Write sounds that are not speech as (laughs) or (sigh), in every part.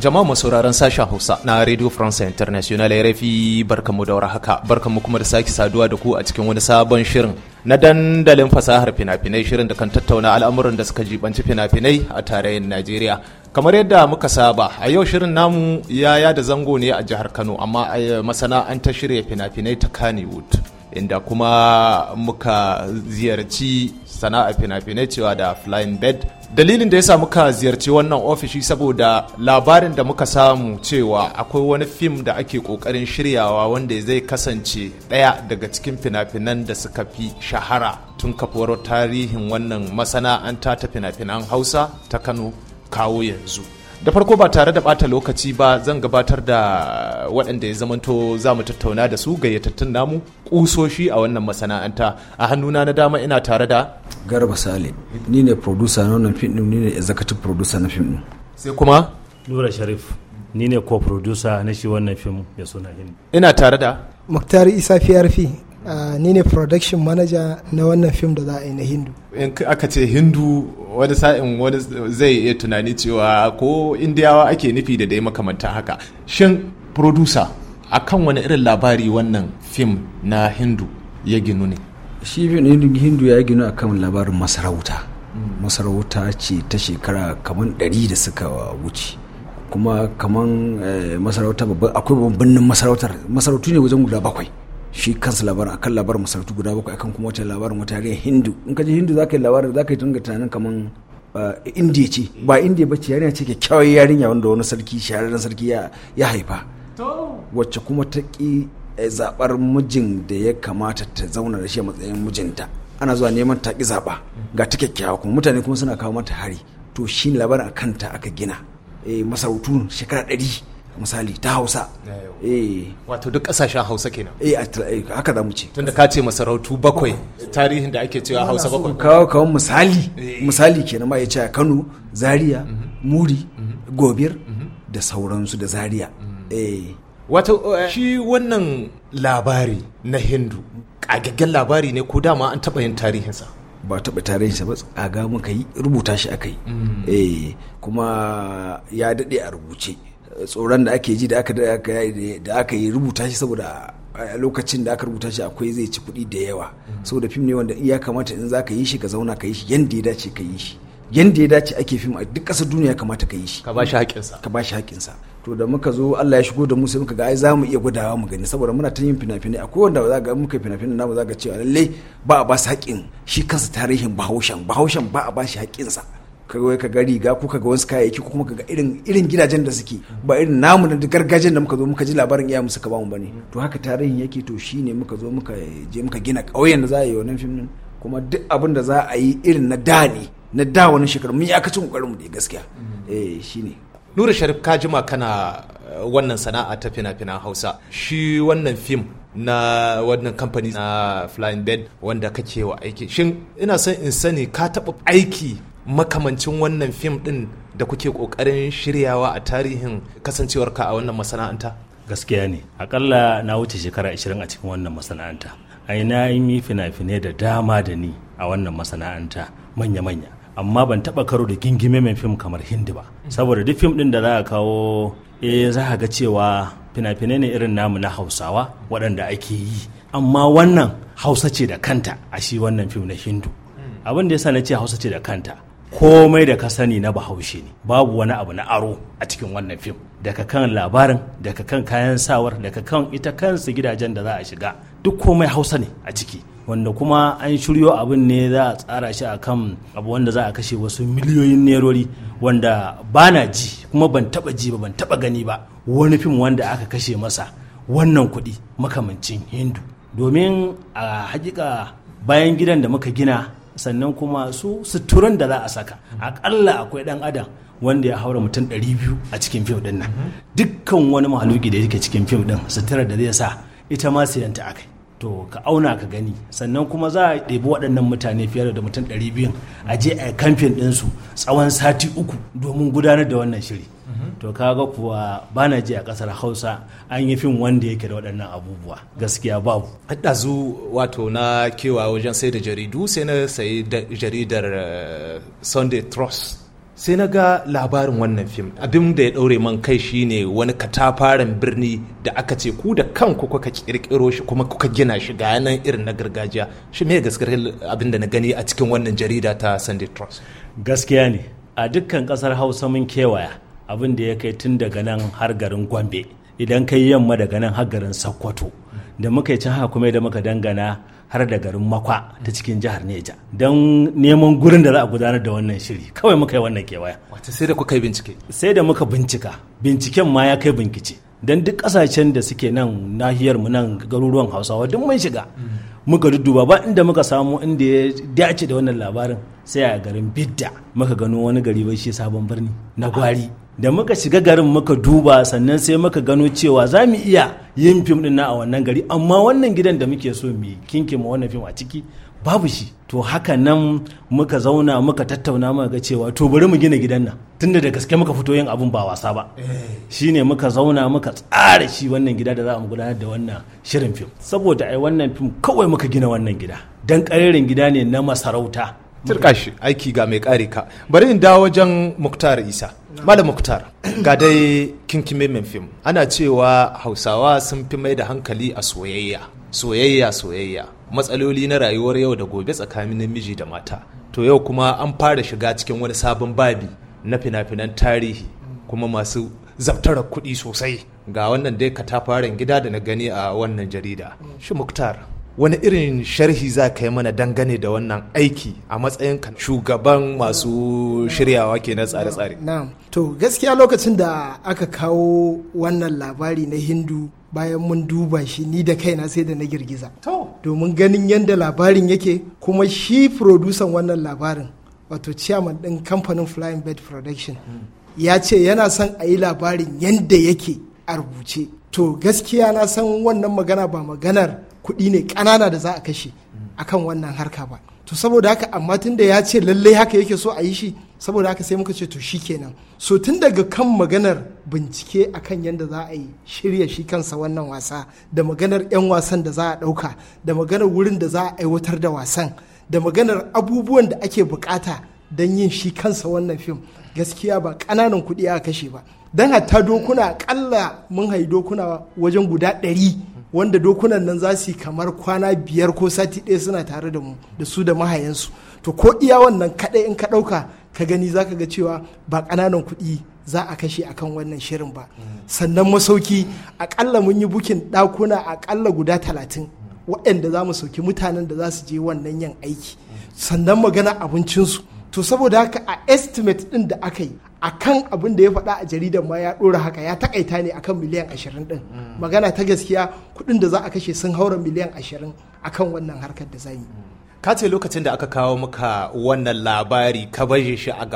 jama'a masu sauraron sashen Hausa na Radio France International RFI barkamu da haka barkamu kuma da sake saduwa da ku a cikin wani sabon shirin na dandalin fasahar fina-finai shirin da kan tattauna al'amuran da suka jibanci fina-finai a tarayyar Najeriya. Kamar yadda muka saba, a yau shirin namu ya da zango ne a jihar Kano, amma eh, masana'antar shirya fina-finai ta Kannywood. inda kuma muka ziyarci sana'a fina-finai cewa da flying bed dalilin da ya sa muka ziyarci wannan ofishi saboda labarin da muka samu cewa akwai wani fim da ake kokarin shiryawa wanda zai kasance daya daga cikin fina-finan da suka fi shahara tun kafuwar tarihin wannan masana'anta ta fina-finan hausa ta kano kawo yanzu da farko ba tare da bata lokaci ba zan gabatar da waɗanda ya zamanto za mu tattauna da su gayyatattun namu ƙusoshi a wannan masana'anta a hannuna na dama ina tare da garba sale ni ne producer na wannan fim ni ne executive producer na fim din sai kuma nura sharif ni ne co-producer na shi wannan fim ya suna hin ina tare da muktari isa fiyarfi ni ne production manager na wannan fim da za a yi na hindu in aka ce hindu wani sa'in wani zai iya tunani cewa ko indiyawa ake nufi da dai makamanta haka shin producer akan wani irin labari wannan fim na hindu ya ginu ne shi hindu ya gino a kan labarin masarauta masarauta ce ta shekara kamar ɗari da suka wuce kuma kamar eh, masarauta babban akwai babban masarautar masarautu ne wajen guda bakwai shi kansa labarin akan labarin masarautu guda bakwai akan kuma wata labarin wata yare hindu in ka ji hindu za ka yi labarin za ka yi tunga tunanin kamar eh, indiya ce ba indiya ba ce yarinya ce kyakkyawar yarinya wanda wani sarki shahararren sarki ya haifa wacce kuma ta ƙi Eh, zaɓar mijin da ya kamata ta zauna da shi a matsayin mijinta ana zuwa neman ta ki zaɓa ga ta kyakkyawa kuma mutane kuma suna kawo mata hari to shi labarin a kanta aka gina e, eh, masarautu shekara ɗari misali ta hausa eh wato duk ƙasashen hausa kenan eh, eh haka za mu ce tunda ka ce masarautu bakwai tarihin da ake cewa hausa bakwai kawo kawo misali misali kenan ma ya ce kano zaria mhm. muri mhm. gobir mhm. da sauransu da zaria mm. eh wato shi wannan labari na hindu ƙagaggen labari ne ko dama an taɓa yin tarihinsa ba taɓa tarihinsa ba tsaga muka yi rubuta shi aka yi mm. eh, kuma ya daɗe a rubuce tsoron da ake ji da aka yi rubuta shi saboda a lokacin da aka rubuta shi akwai zai ci kuɗi da yawa mm. saboda fim ne wanda iya kamata in za ka yi shi ka zauna ka yi shi yadda ya dace ka yi shi yadda ya dace ake fim a duk ƙasar duniya kamata ka yi shi ka shi haƙinsa ka shi haƙinsa to da muka zo Allah ya shigo da mu sai muka ga ai za mu iya gwadawa mu gani saboda muna ta yin fina-finai akwai wanda za ga muka fina finai ba za ga cewa lalle ba a ba su haƙin shi kansa tarihin bahaushen bahaushen ba a ba shi haƙinsa ka ga riga ko ka ga wasu kayayyaki ko kuma ka ga irin irin gidajen da suke ba irin namu na gargajiyar da muka zo muka ji labarin iya musu ka ba mu bane to haka tarihin yake to shine muka zo muka je muka gina ƙauyen da za a yi wannan fim kuma duk abin da za a yi irin na da na da wani shekaru mun yi aka cin kokarin mu da gaskiya eh shine Nura Sharif ka jima kana eh, wannan sana'a ta fina-finan Hausa shi wannan fim na wannan kamfani na Flying Bed wanda kake wa aiki shin ina son in sani ka taɓa aiki makamancin wannan fim ɗin da kuke ƙoƙarin shiryawa a tarihin kasancewarka a wannan masana'anta gaskiya ne akalla na wuce shekara 20 a cikin wannan masana'anta ai na yi fina-finai da dama da ni a wannan masana'anta manya-manya amma ban taba karo da gingime mai fim kamar hindi ba saboda duk fim din da za a kawo eh za ka ga cewa fina-finai ne irin namu na hausawa waɗanda ake yi amma wannan hausa ce da kanta a shi wannan fim na hindu abin da ya sa na ce hausa ce da kanta komai da ka sani na bahaushe ne babu wani abu na aro a cikin wannan fim daga kan labarin daga kan kayan sawar daga kan ita kansu gidajen da za a shiga duk komai hausa ne a ciki wanda kuma an shiryo abin ne za a tsara shi akan abu wanda za a kashe wasu miliyoyin nerori wanda ba na ji kuma ban taba ji ba ban taba gani ba wani fim wanda aka kashe masa wannan kuɗi makamancin hindu domin a hakika bayan gidan da muka gina sannan kuma su suturan da za a saka akalla akwai dan adam wanda ya haura mutum 200 a cikin fim din nan mm-hmm. dukkan wani mahaluki da yake cikin fim din suturar da zai sa ita ma siyanta akai to ka auna ka gani sannan kuma za a ɗebi waɗannan mutane fiye da mutum 200 a je a kamfen ɗinsu tsawon sati uku domin gudanar da wannan shiri to kaga kuwa ba na je a ƙasar hausa an yi fim wanda yake da waɗannan abubuwa gaskiya babu ɗazu wato na kewa wajen sai da jaridu sai na sayi jaridar eh, sunday trust sai na ga labarin wannan fim abin da ya ɗaure man kai shine wani katafaren birni da aka ce ku da kanku kuka kirkiro shi kuma kuka gina shi ga yanan irin na gargajiya shi me gaskiyar abin da na gani a cikin wannan jarida ta sunday trust gaskiya ne a dukkan ƙasar hausa mun kewaya abin da ya kai tun daga nan har garin gombe idan kai yamma daga nan har garin sokoto da muka yi can haka kuma da muka dangana har da garin makwa ta cikin jihar neja don neman gurin da za a gudanar da wannan shiri kawai muka yi wannan kewaya wata sai da kuka yi bincike sai da muka bincika binciken ma ya kai bincike don duk kasashen da suke nan nahiyar mu nan garuruwan hausawa duk mun shiga muka dudduba ba inda muka samu inda ya dace da wannan labarin sai a garin bidda muka gano wani gari bai shi sabon birni na gwari da muka shiga garin muka duba sannan sai muka gano cewa za mu iya yin fim din na a wannan gari amma wannan gidan da muke so mu ma wannan fim a ciki babu shi to haka nan muka zauna muka tattauna muka ga cewa to bari mu gina gidan nan tunda da gaske muka fito yin abun ba wasa ba eh. shine muka zauna muka tsara shi wannan gida da za mu gudanar da wannan shirin fim saboda ai wannan fim kawai muka gina wannan gida dan karerin gida ne na masarauta turkashi aiki ga mai kare ka bari in dawo wajen muktar isa Malam Mukhtar ga dai kin kime min fim ana cewa Hausawa sun fi mai da hankali a soyayya soyayya soyayya matsaloli na rayuwar yau da gobe tsakanin namiji da mata to yau kuma an fara shiga cikin wani sabon babi na fina-finan tarihi kuma masu zabtarar kuɗi sosai ga wannan dai katafaren gida da na gani a wannan jarida shi Muktar wani irin sharhi za ka yi mana dangane da wannan aiki a matsayin kan shugaban masu shiryawa ke na tsare-tsare to gaskiya lokacin da aka kawo wannan labari na hindu bayan mun duba shi ni da kaina sai da na girgiza to domin ganin yadda labarin yake kuma shi furodusan wannan labarin wato chairman ɗin kamfanin flying bed production hmm. ya ce yana son a yi labarin yadda yake a rubuce to gaskiya na san wannan magana ba maganar kuɗi ne ƙanana da za a kashe akan wannan harka ba to saboda haka amma tun da ya ce lallai haka yake so a yi shi saboda haka sai muka ce to shi kenan so tun daga kan maganar bincike akan yadda za a yi shirya shi kansa wannan wasa da maganar 'yan wasan da za a ɗauka da maganar wurin da za a aiwatar da wasan da maganar abubuwan da ake bukata don yin shi kansa wannan fim gaskiya ba ƙananan kuɗi a kashe ba don hatta dokuna akalla mun hai dokuna wajen guda ɗari wanda dokunan nan za su yi kamar kwana biyar ko sati ɗaya suna tare da mu da su da mahayansu to ko iya wannan kaɗai in ka ɗauka ka gani za ka ga cewa ba ƙananan kuɗi za a kashe akan wannan shirin ba sannan masauki aƙalla mun yi bukin ɗakuna aƙalla guda talatin waɗanda za mu sauki mutanen da za su je wannan yin aiki sannan magana abincinsu to saboda haka a estimate ɗin da aka yi akan abin da ya faɗa a jaridar ma ya ɗora haka ya takaita ne akan miliyan ashirin ɗin mm. magana ta gaskiya kuɗin da za a kashe sun haura miliyan ashirin akan wannan harkar da za yi ka ce lokacin da aka kawo maka wannan labari ka baje shi a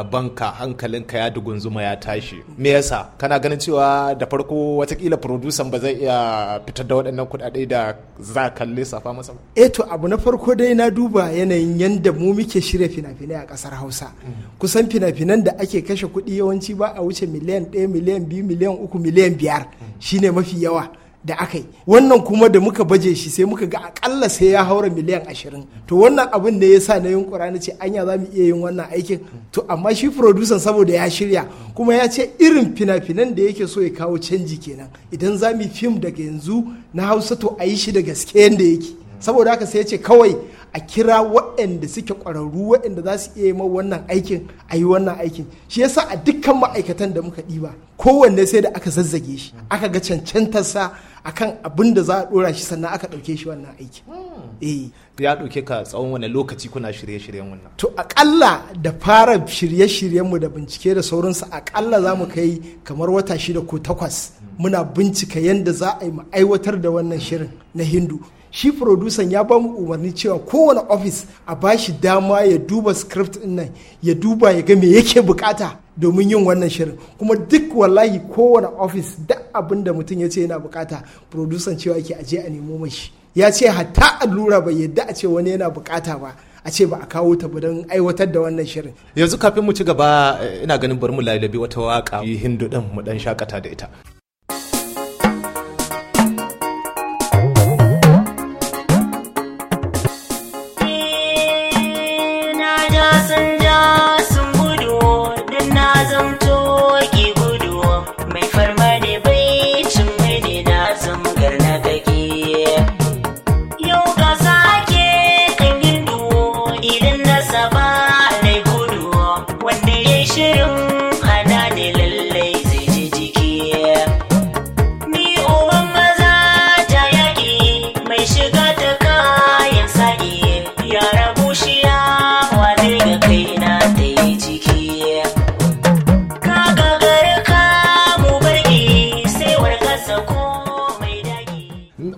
hankalin ka ya dugunzuma ya tashi me yasa kana ganin cewa da farko watakila producer ba zai iya fitar da waɗannan kuɗaɗe da za ka lissafa masa ba eh to abu na farko dai na duba yanayin yanda mu muke shirya fina-finai a ƙasar hausa mm. kusan fina-finan da ake kashe kuɗi yawanci ba a wuce miliyan ɗaya miliyan biyu miliyan uku miliyan biyar mm. shine mafi yawa da aka yi wannan kuma da muka baje shi sai muka ga akalla sai ya haura miliyan ashirin to wannan abin ne ya sa na yunkura na ce anya za mu iya yin wannan aikin to amma shi furodusan saboda ya shirya kuma ya ce irin fina-finan da yake so ya kawo canji kenan idan za mu yi fim daga yanzu na hausa to a yi shi da gaske yadda yake saboda haka sai ya ce kawai a kira waɗanda suke ƙwararru waɗanda za su iya yi wannan aikin a yi wannan aikin shi yasa a dukkan ma'aikatan da muka ɗiba kowanne sai da aka zazzage shi aka ga cancantarsa a kan abin da za a ɗora shi sannan aka ɗauke shi wannan aiki. Hmm. Eh. Ya ɗauke ka tsawon wani lokaci kuna shirye-shiryen wannan? To aƙalla da fara shirye shiryen mu da bincike da sauransu aƙalla za mu kai kamar wata shida ko takwas hmm. muna bincika yadda za a yi mu aiwatar da wannan shirin na Hindu. shi producer ya ba mu umarni cewa kowane office a bashi dama ya duba script din nan ya duba ya ga me yake bukata domin yin wannan shirin kuma duk wallahi kowane office da abin da mutum ya ce yana bukata producer cewa yake aje a nemo mashi ya ce hatta allura bai yadda a ce wani yana bukata ba a ce ba a kawo ta ba don aiwatar da wannan shirin yanzu kafin mu ci gaba eh, ina ganin bari mu lalabi wata waka yi hindu din mu dan shakata da ita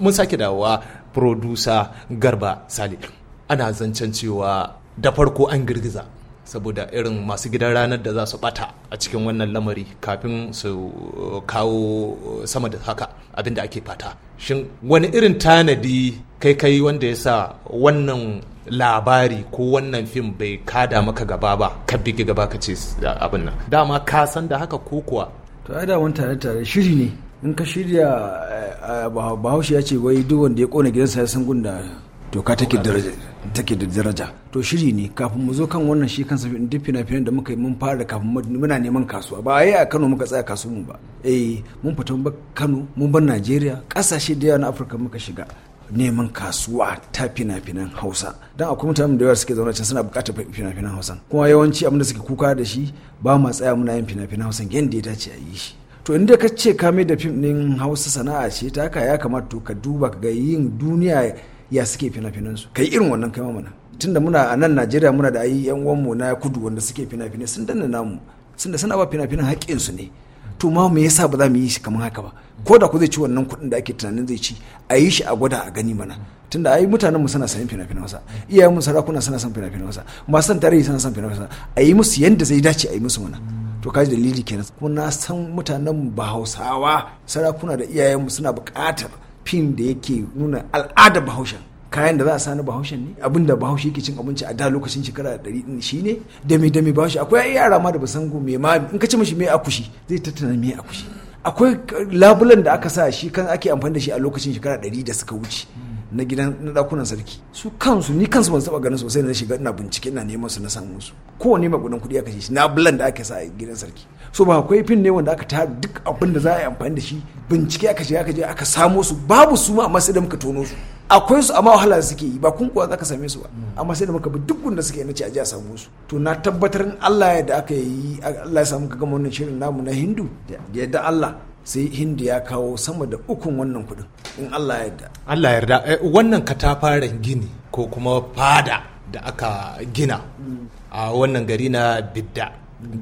mun sake dawowa produsa garba sale ana zancen cewa da farko an girgiza saboda irin masu gidan ranar da za su bata a cikin wannan lamari kafin su uh, kawo uh, sama da haka abin da ake fata shin wani irin tanadi kai kai wanda ya sa wannan labari ko wannan fim bai kada maka gaba ba ka bigi gaba ka ce abin nan dama ka san da haka ko to ai da wani tare tare shiri ne in ka shirya eh, eh, bahaushe ya ce wai duk wanda ya kona gidansa ya san gunda to ka take da daraja to shiri ne kafin mu zo kan wannan shi kansa duk fina-finan da muka yi mun fara kafin muna neman kasuwa ba a yi a Kano muka tsaya kasu mu ba eh mun fita mun Kano mun bar Najeriya kasashe da yawa na Afirka muka shiga neman kasuwa ta fina-finan hausa don akwai mutane da yawa suke zaune can suna bukatar fina-finan hausa kuma yawanci abin da suke kuka da shi ba ma tsaya muna yin fina-finan hausa yadda ya dace a yi shi to inda ka ce ka mai da fim din hausa sana'a ce ta haka ya kamata to ka duba ka ga yin duniya ya suke fina-finan su kai irin wannan kai mana tunda muna a nan Najeriya muna da ayi yan uwanmu na kudu wanda suke fina-finai sun danna namu sun da suna ba fina-finan haƙƙin su ne to ma me yasa ba za mu yi shi kamar haka ba ko da ku zai ci wannan kuɗin da ake tunanin zai ci a yi shi a gwada a gani mana tunda ai mutanen mu suna sanin fina-finan wasa iyayen mu sarakuna suna son fina-finan wasa masu san tarihi suna son fina-finan wasa a yi musu yanda zai dace a yi musu mana to kaji dalili kenan kuma na san mutanen ba hausawa sarakuna da iyayenmu suna buƙatar fin da yake nuna al'adar bahaushen kayan da za a sani bahaushen ne abin da bahaushe yake cin abinci a da lokacin shekara da ɗari ɗin shi ne dame dame bahaushe akwai yara ma da ba san me ma in ka ci mishi me akushi zai tattana me akushi akwai labulan da aka sa shi kan ake amfani da shi a lokacin shekara ɗari da suka wuce na gidan na dakunan sarki su kansu ni kansu ban taba ganin sosai na shiga ina bincike ina neman su na samu su kowane mai gudan kuɗi aka shi na bulan da aka sa a gidan sarki so ba akwai fin ne wanda aka ta duk abin da za a yi amfani da shi bincike aka shiga aka je aka samo su babu su ma amma sai da muka tono su akwai su amma wahala suke yi ba kun kuwa za ka same su ba amma sai da muka bi duk wanda suke nace a ji a samu su to na tabbatar Allah ya da aka yi Allah ya samu ka gama wannan shirin namu na Hindu da yadda Allah sai hindu ya kawo sama da ukun wannan kudin in allah yarda allah yarda eh, wannan katafaren gini ko kuma fada da aka gina a wannan gari na bidda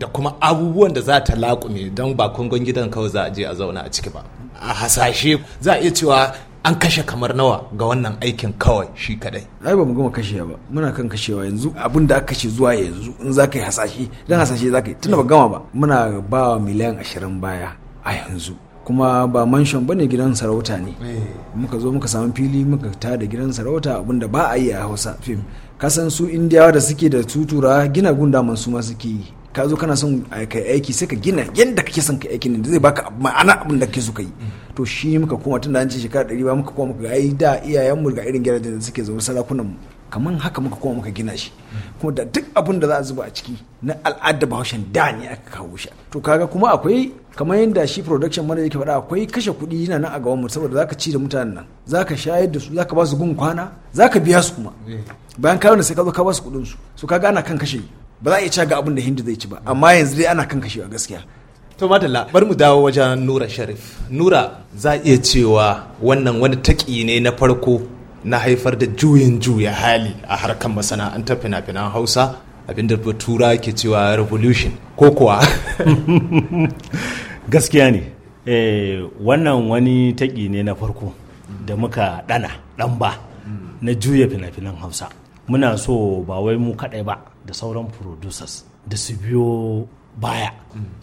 da kuma abubuwan da za ta laƙume don ba kungon gidan kawai za a je a zauna a ciki ba a hasashe za a iya cewa an kashe kamar nawa ga wannan aikin kawai shi kadai ai ba mu gama kashe ba muna kan kashewa yanzu abin da aka kashe zuwa yanzu in za ka yi hasashe don hasashe za ka yi tunda ba gama ba muna ba wa miliyan ashirin baya a yanzu kuma ba manshon ba ne gidan sarauta ne eh. muka zo muka samu fili muka ta da gidan sarauta abinda ba a yi a hausa fim kasan su indiyawa da suke da tutura gina gundaman su ma suke yi ka zo kana son ka aiki sai ka gina yadda kake son ka aiki ne da zai baka ma'ana abin da kake so ka yi to shi muka koma tun an ce shekara ɗari ba muka koma muka ga ai da iyayen mu ga irin gidajen da suke zaune sarakunan kamar haka muka koma muka gina shi kuma da duk abin da za a zuba a ciki na al'adar bahaushen da ne aka kawo shi to kaga kuma akwai kamar yadda shi production manager yake faɗa akwai kashe kuɗi yana nan a gaban mu saboda zaka ci da mutanen nan zaka shayar da su zaka ba su gun kwana zaka biya su kuma eh. bayan ka sai ka zo ka ba su kuɗin su so kaga ana kan kashe ba za a iya ci ga abin da hindu zai ci ba amma yanzu dai ana kan kashe a gaskiya to madalla bari mu dawo wajen nura sharif nura za a iya cewa wannan wani taki ne na farko na haifar da juyin juya hali a harkar masana'antar fina-finan hausa abinda batura ke cewa revolution ko kuwa (laughs) gaskiya ne eh, wannan wani taƙi ne na farko da muka ɗana ɗan ba na juya fina-finan hausa muna so ba wai mu kaɗai ba da sauran producers da su biyo baya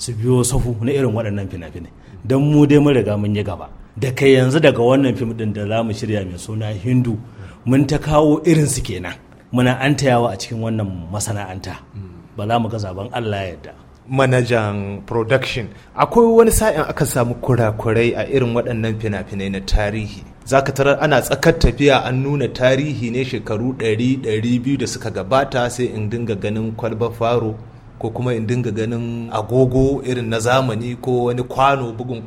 su biyo sahu na irin waɗannan fina-finai don mu dai mun riga mun yi gaba da kai yanzu daga wannan fim din da zamu shirya mai suna hindu mun ta kawo irin su kenan muna an tayawa a cikin wannan masana'anta ba za mu ga zaben allah yadda manajan production akwai wani sa'in aka samu kurakurai a irin waɗannan fina-finai na tarihi zaka tarar ana tsakar tafiya an nuna tarihi ne shekaru 100-200 da suka gabata sai in dinga ganin kwalba faro ko kuma in dinga ganin agogo irin na zamani ko wani kwano bugun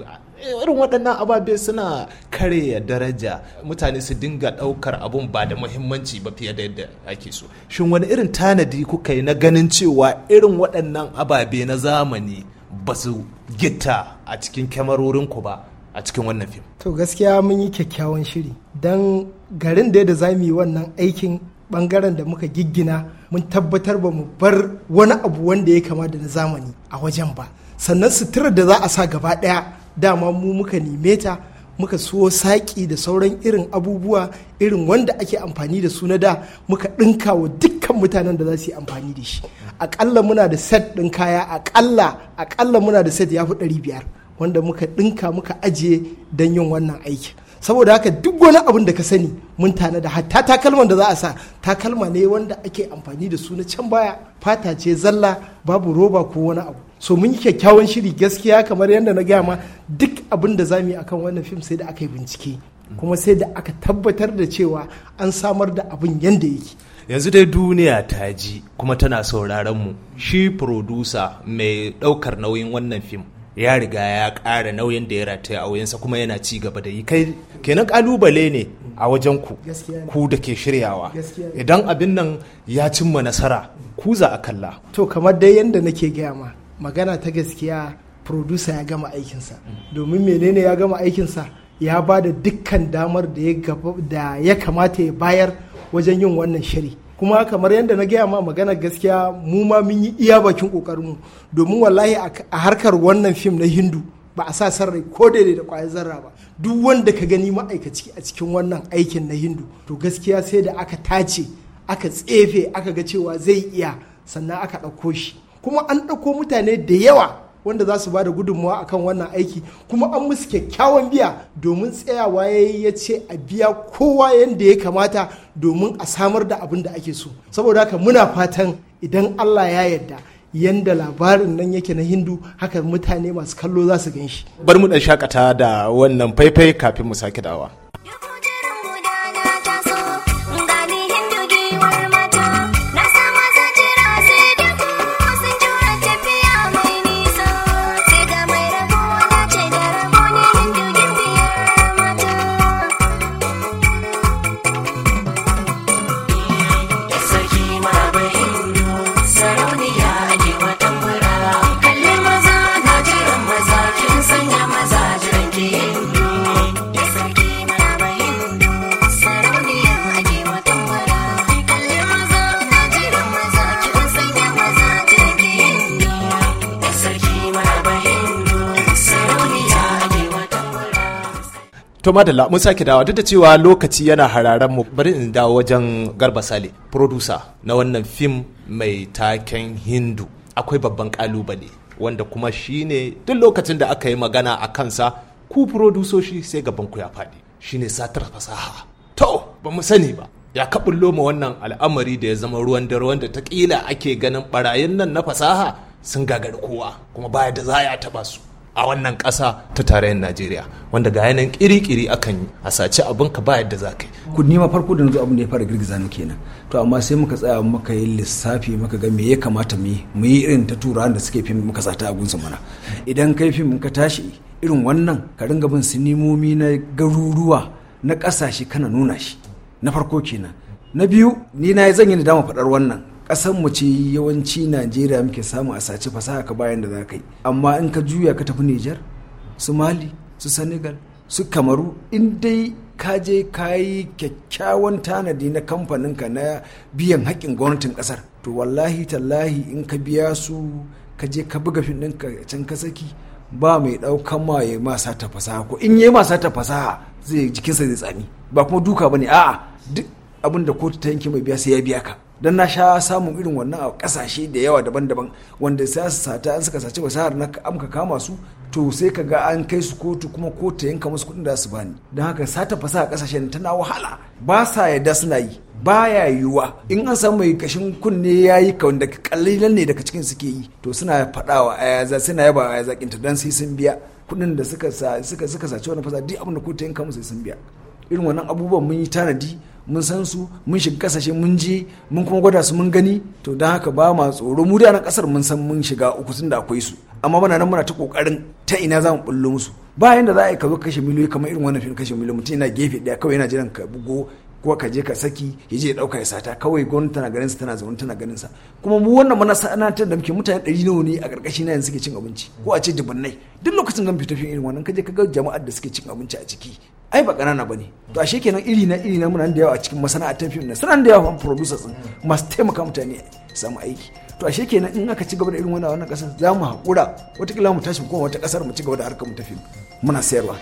irin waɗannan ababe suna kare daraja mutane su dinga ɗaukar abun ba da muhimmanci ba fiye da yadda ake so shin wani irin tanadi kuka yi na ganin cewa irin waɗannan ababe na zamani ba su gitta a cikin kyamarorinku ba a cikin wannan fim to gaskiya mun yi kyakkyawan shiri don garin da da zamu yi wannan aikin bangaren da muka giggina mun tabbatar ba mu bar wani abu wanda ya kama da na zamani a wajen ba sannan sutura da za a sa gaba daya dama mu muka nime ta muka so saƙi da sauran irin abubuwa irin wanda ake amfani da su na da muka ɗinka wa dukkan mutanen da za su yi amfani da shi aƙalla muna da set ɗin kaya aƙalla aƙalla muna da set ya fi ɗari biyar wanda muka ɗinka muka ajiye don yin wannan aiki. saboda haka duk wani abin da ka sani mun tana da hatta takalman da za a sa takalma ne wanda ake amfani da su na can baya fata ce zalla babu roba ko wani abu so mun yi kyakkyawan shiri gaskiya kamar yadda na gaya ma duk abin da za mu yi akan wannan fim sai da aka yi bincike kuma sai da aka tabbatar da cewa an samar da abin yadda yake yanzu dai duniya ta ji kuma tana sauraron mu shi produsa mai ɗaukar nauyin wannan fim ya riga ya ƙara nauyin da ya rataya a wuyansa kuma yana ci gaba da yi kai kenan kalubale ne a wajen ku ku da ke shiryawa idan abin nan ya cimma nasara ku za a kalla to kamar dai yadda nake gaya ma magana ta gaskiya producer ya gama aikinsa domin menene ya gama aikinsa ya ba da dukkan damar da ya kamata ya bayar wajen yin wannan shiri kuma kamar yadda na gaya ma magana gaskiya mu ma mun yi iya bakin kokarinmu domin wallahi a harkar wannan fim na hindu ba a sa san rai ko daidai da kwayar zarra ba duk wanda ka gani ma'aikaci a cikin wannan aikin na hindu to gaskiya sai da aka tace aka tsefe aka ga cewa zai iya sannan aka ɗauko shi kuma an ɗauko mutane da yawa wanda za su ba da gudunmawa akan wannan aiki kuma an musu kyakkyawan biya domin tsayawa ya yi ya ce a biya kowa yadda ya kamata domin a samar da abin da ake so saboda haka muna fatan idan allah ya yadda yanda labarin nan yake na hindu haka mutane masu kallo za su gan shi bar mu dan shakata da wannan faifai kafin mu sake dawa to madalla mun sake dawa duk da cewa lokaci yana hararen mu bari in dawo wajen garba sale producer na wannan fim mai taken hindu akwai babban kalubale wanda kuma shine duk lokacin da aka yi magana a kansa ku furodusoshi sai gaban ku ya faɗi shine satar fasaha to ba mu sani ba ya kaɓullo ma wannan al'amari da ya zama ruwan dare wanda ta ƙila ake ganin barayin nan na fasaha sun gagari kowa kuma baya da za a taɓa su a wannan ƙasa ta tarayyar najeriya wanda ga yanayin kiri-kiri akan yi a sace abin ka ba yadda za ka yi ku nima farko da nazo abin da ya fara girgiza mu kenan to amma sai muka tsaya muka yi lissafi muka ga me ya kamata mu yi mu yi irin ta turawa da suke fim muka sata a gunsu mana idan kai fim ka tashi irin wannan ka ringa bin sinimomi na garuruwa na ƙasashe kana nuna shi na farko kenan na biyu ni na yi zan yi dama faɗar wannan kasan mu ce yawanci najeriya muke samu a sace fasaha ka bayan da za ka yi amma in ka juya ka tafi niger su mali su senegal su kamaru in dai ka je ka yi kyakkyawan tanadi na kamfaninka na biyan haƙƙin gwamnatin ƙasar to wallahi tallahi in ka biya su ka je ka buga fin ɗinka can ka saki ba mai ɗaukan ma ya masa ta fasaha ko in ya masa ta fasaha zai jikinsa zai tsami ba kuma duka ba ne a'a duk abinda kotu ta yanke mai biya sai ya biya ka don na sha samun irin wannan a kasashe da yawa daban-daban wanda sai su sata an suka sace fasahar na amka kama su to sai ka ga an kai su kotu kuma kotu yanka musu kuɗin da su bani don haka sata fasaha kasashen tana wahala ba sa yadda suna yi ba baya yiwuwa in an san mai kashin kunne ya yi ka wanda kalilan ne daga cikin suke yi to suna faɗawa ayaza suna yaba ayaza kinta dan sai sun biya kuɗin da suka sace wani fasaha duk abin da kotu yanka musu sun biya irin wannan abubuwan mun yi tanadi mun san su mun shiga kasashe mun je mun kuma gwada su mun gani to don haka ba ma tsoro mu da nan kasar mun san mun shiga uku tun da akwai su amma muna nan muna ta kokarin ta ina za mu bullo musu bayan da za a yi ka kashe miliyoyi kamar irin wannan kashe miliyoyi mutum yana gefe ɗaya kawai yana jiran ka bugo ko ka je ka saki ya je ya dauka ya sata kawai gwamnati tana ganin sa tana zaune tana ganin sa kuma mu wannan mana sanatar da muke mutane ɗari nawa ne a ƙarƙashi na yanzu suke cin abinci ko a ce dubannai duk lokacin zan fita irin wannan ka je ka ga jama'ar da suke cin abinci a ciki ai ba ƙanana ne to a shekenan iri na iri na muna da yawa a cikin masana'antar fim na sanan da yawa producers masu taimaka mutane samu aiki to a shekenan in aka ci gaba da irin wannan wannan kasar za mu haƙura watakila mu tashi mu koma wata kasar mu ci gaba da harkar mu tafi muna sayarwa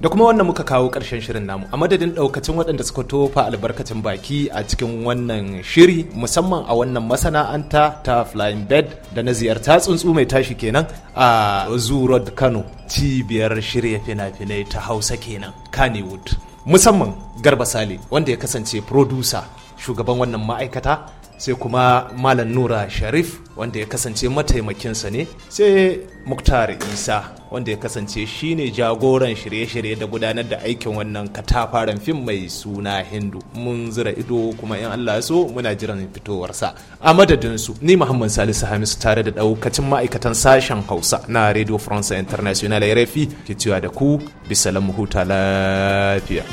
da kuma wannan muka kawo karshen shirin namu a madadin ɗaukacin waɗanda suka tofa albarkacin baki a cikin wannan shiri musamman a wannan masana'anta ta flying bed da na ziyarta tsuntsu mai tashi kenan a zurod rod kano cibiyar shirya fina-finai ta hausa kenan kannywood musamman garba sale wanda ya kasance producer shugaban wannan ma'aikata sai kuma malam nura sharif wanda ya kasance mataimakinsa ne sai muktar isa wanda ya kasance shine jagoran shirye-shirye da gudanar da aikin wannan katafaren fim mai suna hindu mun zira ido kuma yan allah so muna jiran fitowarsa a madadinsu ni muhammad salisu hamisu tare da daukacin ma'aikatan sashen hausa na radio france international rfi ke cewa da ku bisa lamu huta lafiya